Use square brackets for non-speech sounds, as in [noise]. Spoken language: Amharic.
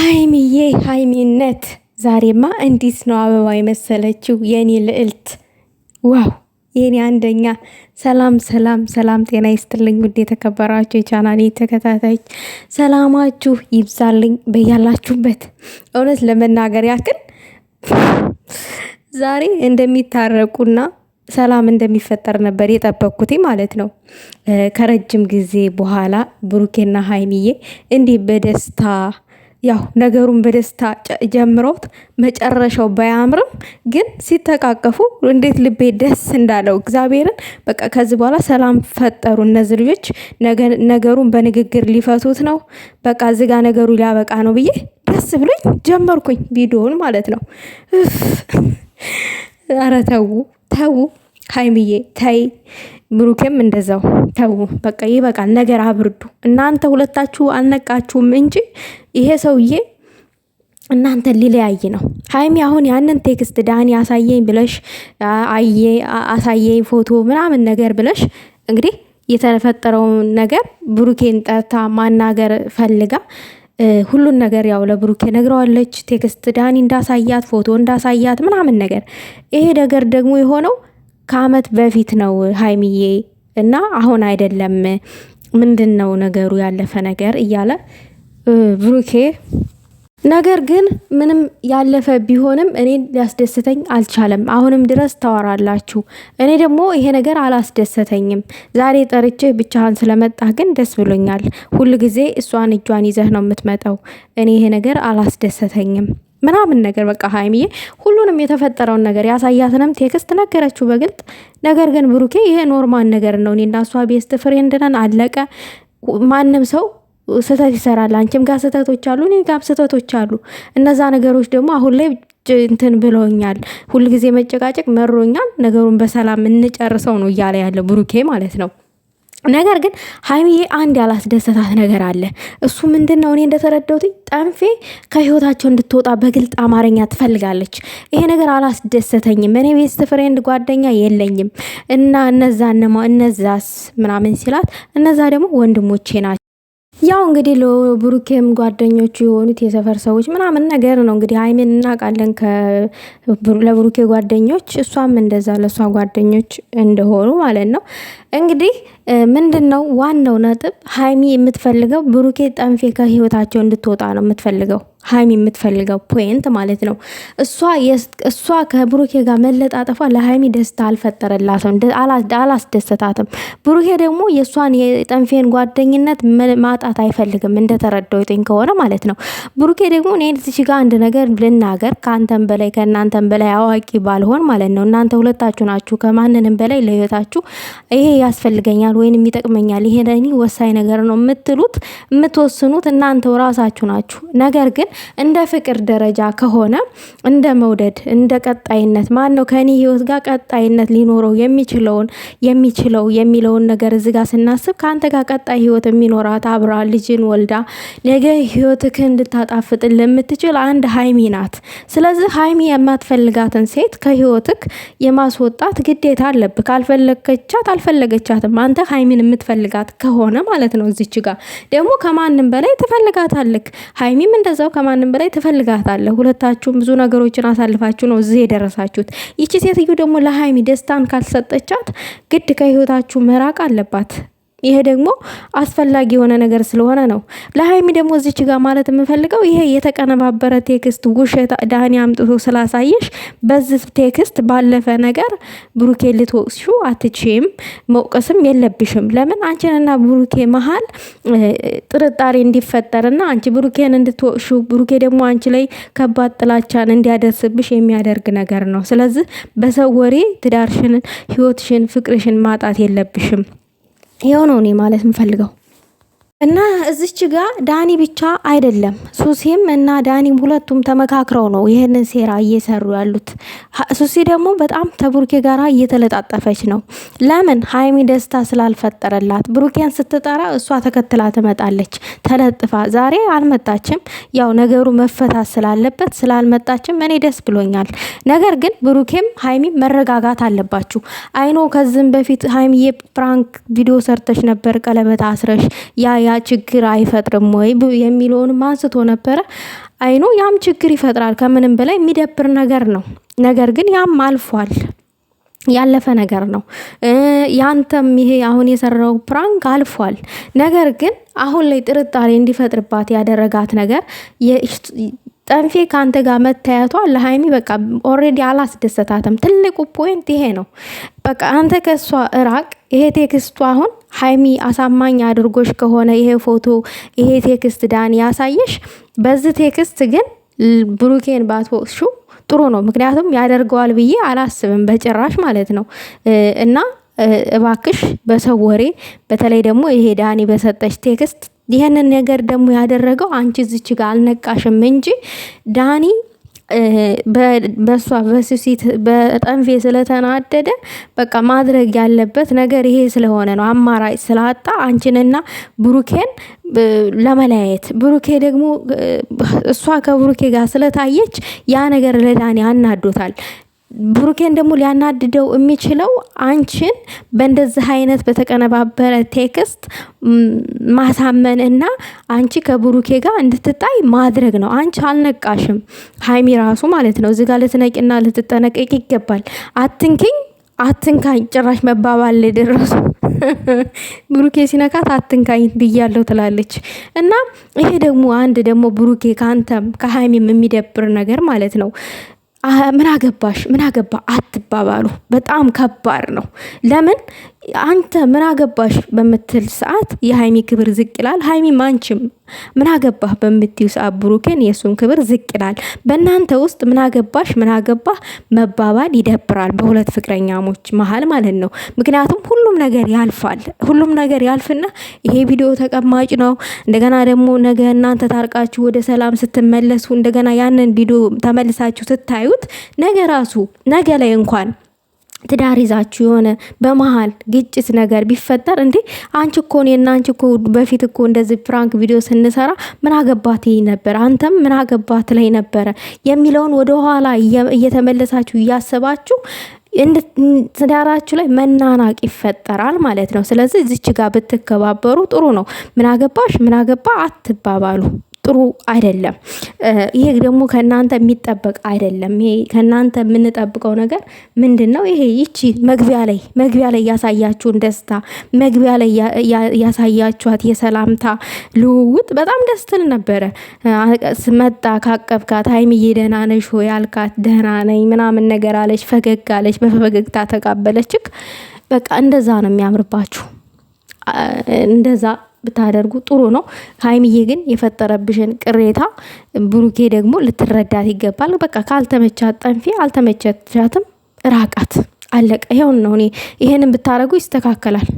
ሀይሚዬ ሀይሚነት ዛሬማ እንዲት ነው አበባ የመሰለችው የኔ ልዕልት! ዋው የኔ አንደኛ! ሰላም ሰላም ሰላም፣ ጤና ይስጥልኝ ውድ የተከበራችሁ የቻናሌ ተከታታዮች ሰላማችሁ ይብዛልኝ በያላችሁበት። እውነት ለመናገር ያክል ዛሬ እንደሚታረቁና ሰላም እንደሚፈጠር ነበር የጠበቅኩት ማለት ነው። ከረጅም ጊዜ በኋላ ብሩኬና ሀይሚዬ እንዲህ በደስታ ያው ነገሩን በደስታ ጀምሮት መጨረሻው ባያምርም ግን ሲተቃቀፉ እንዴት ልቤ ደስ እንዳለው እግዚአብሔርን በቃ ከዚህ በኋላ ሰላም ፈጠሩ እነዚህ ልጆች። ነገሩን በንግግር ሊፈቱት ነው። በቃ ዝጋ ነገሩ ሊያበቃ ነው ብዬ ደስ ብሎኝ ጀመርኩኝ ቪዲዮውን ማለት ነው። ኧረ ተዉ ተዉ፣ ሀይሚዬ ተይ፣ ብሩኬም እንደዛው ተዉ። በቃ ይበቃል፣ ነገር አብርዱ። እናንተ ሁለታችሁ አልነቃችሁም እንጂ ይሄ ሰውዬ እናንተ ሊለያይ ነው። ሀይሚ አሁን ያንን ቴክስት ዳኒ አሳየኝ ብለሽ አየ አሳየኝ ፎቶ ምናምን ነገር ብለሽ እንግዲህ የተፈጠረውን ነገር ብሩኬን ጠርታ ማናገር ፈልጋ ሁሉን ነገር ያው ለብሩኬ ነግረዋለች። ቴክስት ዳኒ እንዳሳያት ፎቶ እንዳሳያት ምናምን ነገር ይሄ ነገር ደግሞ የሆነው ከአመት በፊት ነው ሀይሚዬ እና አሁን አይደለም። ምንድን ነው ነገሩ ያለፈ ነገር እያለ ብሩኬ ነገር ግን ምንም ያለፈ ቢሆንም እኔን ሊያስደስተኝ አልቻለም። አሁንም ድረስ ታወራላችሁ። እኔ ደግሞ ይሄ ነገር አላስደሰተኝም። ዛሬ ጠርቼህ ብቻህን ስለመጣህ ግን ደስ ብሎኛል። ሁል ጊዜ እሷን እጇን ይዘህ ነው የምትመጣው። እኔ ይሄ ነገር አላስደሰተኝም ምናምን ነገር በቃ ሀይሚዬ ሁሉንም የተፈጠረውን ነገር ያሳያትንም ቴክስት ነገረችው በግልጥ። ነገር ግን ብሩኬ ይሄ ኖርማል ነገር ነው። እኔና እሷ ቤስት ፍሬንድ ነን አለቀ። ማንም ሰው ስህተት ይሰራል። አንቺም ጋር ስህተቶች አሉ፣ እኔ ጋር ስህተቶች አሉ። እነዛ ነገሮች ደግሞ አሁን ላይ እንትን ብለውኛል። ሁልጊዜ መጨቃጨቅ መሮኛል። ነገሩን በሰላም እንጨርሰው ነው እያለ ያለ ብሩኬ ማለት ነው። ነገር ግን ሀይሚዬ አንድ ያላስደሰታት ነገር አለ። እሱ ምንድን ነው? እኔ እንደተረዳሁት ጠንፌ ከህይወታቸው እንድትወጣ በግልጽ አማርኛ ትፈልጋለች። ይሄ ነገር አላስደሰተኝም፣ እኔ ቤስት ፍሬንድ ጓደኛ የለኝም እና እነዛ እነዛስ ምናምን ሲላት፣ እነዛ ደግሞ ወንድሞቼ ናቸው። ያው እንግዲህ ለብሩኬም ጓደኞቹ የሆኑት የሰፈር ሰዎች ምናምን ነገር ነው እንግዲህ ሀይሜን እናውቃለን። ለብሩኬ ጓደኞች እሷም እንደዛ ለእሷ ጓደኞች እንደሆኑ ማለት ነው። እንግዲህ ምንድን ነው ዋናው ነጥብ ሀይሚ የምትፈልገው ብሩኬ ጠንፌ ከህይወታቸው እንድትወጣ ነው የምትፈልገው። ሀይሚ የምትፈልገው ፖይንት ማለት ነው። እሷ ከብሩኬ ጋር መለጣጠፏ ለሀይሚ ደስታ አልፈጠረላትም፣ አላስደሰታትም። ብሩኬ ደግሞ የእሷን የጠንፌን ጓደኝነት ማጣት አይፈልግም፣ እንደተረዳው ጤን ከሆነ ማለት ነው። ብሩኬ ደግሞ እኔ እዚች ጋር አንድ ነገር ልናገር፣ ከአንተን በላይ ከእናንተን በላይ አዋቂ ባልሆን ማለት ነው። እናንተ ሁለታችሁ ናችሁ ከማንንም በላይ ለህይወታችሁ ይሄ ያስፈልገኛል ወይንም ይጠቅመኛል፣ ይሄ ወሳኝ ነገር ነው የምትሉት የምትወስኑት እናንተው ራሳችሁ ናችሁ። ነገር ግን እንደ ፍቅር ደረጃ ከሆነ እንደ መውደድ እንደ ቀጣይነት ማን ነው ከኔ ህይወት ጋር ቀጣይነት ሊኖረው የሚችለውን የሚችለው የሚለውን ነገር እዚ ጋር ስናስብ ከአንተ ጋር ቀጣይ ህይወት የሚኖራት አብራ ልጅን ወልዳ ነገ ህይወትክ እንድታጣፍጥን ለምትችል አንድ ሀይሚ ናት። ስለዚህ ሀይሚ የማትፈልጋትን ሴት ከህይወትክ የማስወጣት ግዴታ አለብህ። ካልፈለገቻት አልፈለገቻትም። አንተ ሀይሚን የምትፈልጋት ከሆነ ማለት ነው። እዚች ጋር ደግሞ ከማንም በላይ ትፈልጋታለክ። ሀይሚም እንደዛው ከማንም በላይ ትፈልጋታለህ። ሁለታችሁም ብዙ ነገሮችን አሳልፋችሁ ነው እዚህ የደረሳችሁት። ይቺ ሴትዮ ደግሞ ለሀይሚ ደስታን ካልሰጠቻት ግድ ከህይወታችሁ መራቅ አለባት። ይሄ ደግሞ አስፈላጊ የሆነ ነገር ስለሆነ ነው። ለሀይሚ ደግሞ እዚች ጋር ማለት የምፈልገው ይሄ የተቀነባበረ ቴክስት ውሸት ዳኒ አምጥቶ ስላሳየሽ በዚህ ቴክስት ባለፈ ነገር ብሩኬ ልትወቅሹ አትችም፣ መውቀስም የለብሽም። ለምን አንቺንና ብሩኬ መሀል ጥርጣሬ እንዲፈጠርና አንቺ ብሩኬን እንድትወቅሹ ብሩኬ ደግሞ አንቺ ላይ ከባድ ጥላቻን እንዲያደርስብሽ የሚያደርግ ነገር ነው። ስለዚህ በሰው ወሬ ትዳርሽን፣ ህይወትሽን፣ ፍቅርሽን ማጣት የለብሽም። ይኸው ነው እኔ ማለት የምፈልገው። እና እዚች ጋ ዳኒ ብቻ አይደለም ሱሲም እና ዳኒ ሁለቱም ተመካክረው ነው ይህንን ሴራ እየሰሩ ያሉት። ሱሲ ደግሞ በጣም ከብሩኬ ጋር እየተለጣጠፈች ነው። ለምን ሀይሚ ደስታ ስላልፈጠረላት ብሩኬን ስትጠራ እሷ ተከትላ ትመጣለች ተለጥፋ። ዛሬ አልመጣችም፣ ያው ነገሩ መፈታት ስላለበት ስላልመጣችም እኔ ደስ ብሎኛል። ነገር ግን ብሩኬም ሀይሚ መረጋጋት አለባችሁ። አይኖ ከዚህም በፊት ሀይሚ የፕራንክ ቪዲዮ ሰርተሽ ነበር ቀለበት አስረሽ ያ ያ ችግር አይፈጥርም ወይ የሚለውንም አንስቶ ነበረ። አይኖ ያም ችግር ይፈጥራል፣ ከምንም በላይ የሚደብር ነገር ነው። ነገር ግን ያም አልፏል፣ ያለፈ ነገር ነው። ያንተም ይሄ አሁን የሰራው ፕራንክ አልፏል። ነገር ግን አሁን ላይ ጥርጣሬ እንዲፈጥርባት ያደረጋት ነገር ጠንፌ ከአንተ ጋር መታየቷ ለሀይሚ በቃ ኦሬዲ አላስደሰታትም። ትልቁ ፖይንት ይሄ ነው። በቃ አንተ ከእሷ እራቅ። ይሄ ቴክስቱ አሁን ሀይሚ አሳማኝ አድርጎሽ ከሆነ ይሄ ፎቶ፣ ይሄ ቴክስት ዳኒ ያሳየሽ፣ በዚህ ቴክስት ግን ብሩኬን ባትወቅሹ ጥሩ ነው። ምክንያቱም ያደርገዋል ብዬ አላስብም በጭራሽ ማለት ነው እና እባክሽ በሰው ወሬ በተለይ ደግሞ ይሄ ዳኒ በሰጠች ቴክስት ይህንን ነገር ደግሞ ያደረገው አንቺ ዝች ጋር አልነቃሽም እንጂ ዳኒ በእሷ በስሴት በጠንፌ ስለተናደደ በቃ ማድረግ ያለበት ነገር ይሄ ስለሆነ ነው። አማራጭ ስላጣ አንቺንና ብሩኬን ለመለያየት ብሩኬ ደግሞ እሷ ከብሩኬ ጋር ስለታየች ያ ነገር ለዳኒ አናዶታል። ብሩኬን ደግሞ ሊያናድደው የሚችለው አንቺን በእንደዚህ አይነት በተቀነባበረ ቴክስት ማሳመን እና አንቺ ከብሩኬ ጋር እንድትጣይ ማድረግ ነው። አንቺ አልነቃሽም፣ ሀይሚ ራሱ ማለት ነው። እዚህ ጋር ልትነቂና ልትጠነቀቅ ይገባል። አትንኪኝ፣ አትንካኝ ጭራሽ መባባል ደረሱ። [laughs] ብሩኬ ሲነካት አትንካኝ ብያለሁ ትላለች እና ይሄ ደግሞ አንድ ደግሞ ብሩኬ ከአንተም ከሀይሚም የሚደብር ነገር ማለት ነው። ምን አገባሽ ምን አገባ አትባባሉ። በጣም ከባድ ነው። ለምን አንተ ምን አገባሽ በምትል ሰዓት የሀይሚ ክብር ዝቅ ይላል። ሀይሚ ማንችም ምን አገባህ በምትዩ ሰዓት ብሩኬን የእሱን ክብር ዝቅ ይላል። በእናንተ ውስጥ ምን አገባሽ ምን አገባህ መባባል ይደብራል። በሁለት ፍቅረኛሞች መሀል ማለት ነው። ምክንያቱም ሁሉም ነገር ያልፋል። ሁሉም ነገር ያልፍና ይሄ ቪዲዮ ተቀማጭ ነው። እንደገና ደግሞ ነገ እናንተ ታርቃችሁ ወደ ሰላም ስትመለሱ እንደገና ያንን ቪዲዮ ተመልሳችሁ ስታዩ የምታዩት ነገ ራሱ ነገ ላይ እንኳን ትዳር ይዛችሁ የሆነ በመሀል ግጭት ነገር ቢፈጠር እንዴ አንቺ እኮ እና አንቺ እኮ በፊት እኮ እንደዚህ ፕራንክ ቪዲዮ ስንሰራ ምን አገባት ይ ነበር፣ አንተም ምን አገባት ላይ ነበረ የሚለውን ወደኋላ እየተመለሳችሁ እያሰባችሁ ትዳራችሁ ላይ መናናቅ ይፈጠራል ማለት ነው። ስለዚህ እዚች ጋር ብትከባበሩ ጥሩ ነው። ምን አገባሽ ምን አገባ አትባባሉ። ጥሩ አይደለም። ይሄ ደግሞ ከእናንተ የሚጠበቅ አይደለም። ይሄ ከእናንተ የምንጠብቀው ነገር ምንድን ነው? ይሄ ይቺ መግቢያ ላይ መግቢያ ላይ ያሳያችሁን ደስታ መግቢያ ላይ ያሳያችኋት የሰላምታ ልውውጥ በጣም ደስ ትል ነበረ። መጣ ካቀብካት፣ ሀይሚዬ ደህና ነሽ ደህና ነኝ ምናምን ነገር አለች። ፈገግ አለች፣ በፈገግታ ተቃበለችክ። በቃ እንደዛ ነው የሚያምርባችሁ እንደዛ ብታደርጉ ጥሩ ነው። ሀይሚዬ ግን የፈጠረብሽን ቅሬታ ብሩኬ ደግሞ ልትረዳት ይገባል። በቃ ካልተመቻት ጠንፌ አልተመቻቻትም፣ ራቃት። አለቀ። ይሄውን ነው እኔ ይሄንን ብታደርጉ ይስተካከላል።